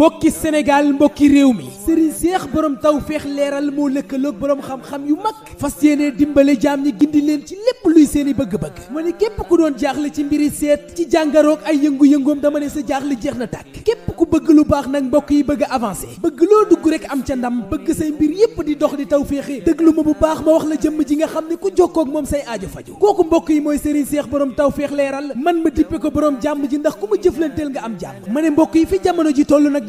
mbokki Sénégal mbokki réew mi sëriñ seex borom taw feex leeral moo lëkkaloog borom xam-xam yu mag fas yéene dimbale jaam ni gindi leen ci lépp luy seeni bëgg-bëgg ma ne képp ku doon jaaxle ci yi seet ci jàngaroog ay yëngu-yëngoom dama ne sa jaaxle jeex na tàkk képp ku bëgg lu baax nag mbokk yi bëgg a avancé bëgg loo dugg rek am ca ndam bëgg say mbir yépp di dox di taw féexe déglu ma bu baax ma wax la jëmm ji nga xam ne ku jokkoo ak moom say aajo faju kooku mbokk yi mooy sëriñ seex borom taw feex leeral man ma dippe ko borom jàmm ji ndax ku ma am jàmm ma ne mbokk yi fi jamono ji nag